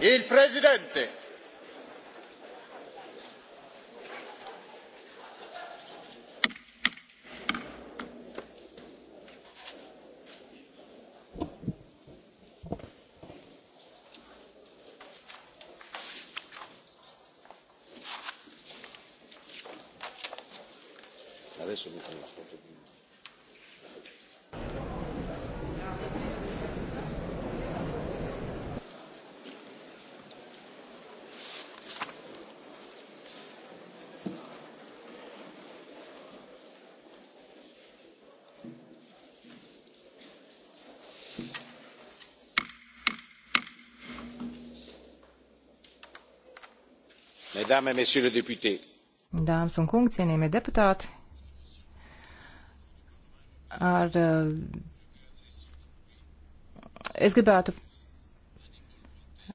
Il presidente. Adesso mi fa la foto. Dāmas un kungi, cienījamie deputāti, ar, eh, es gribētu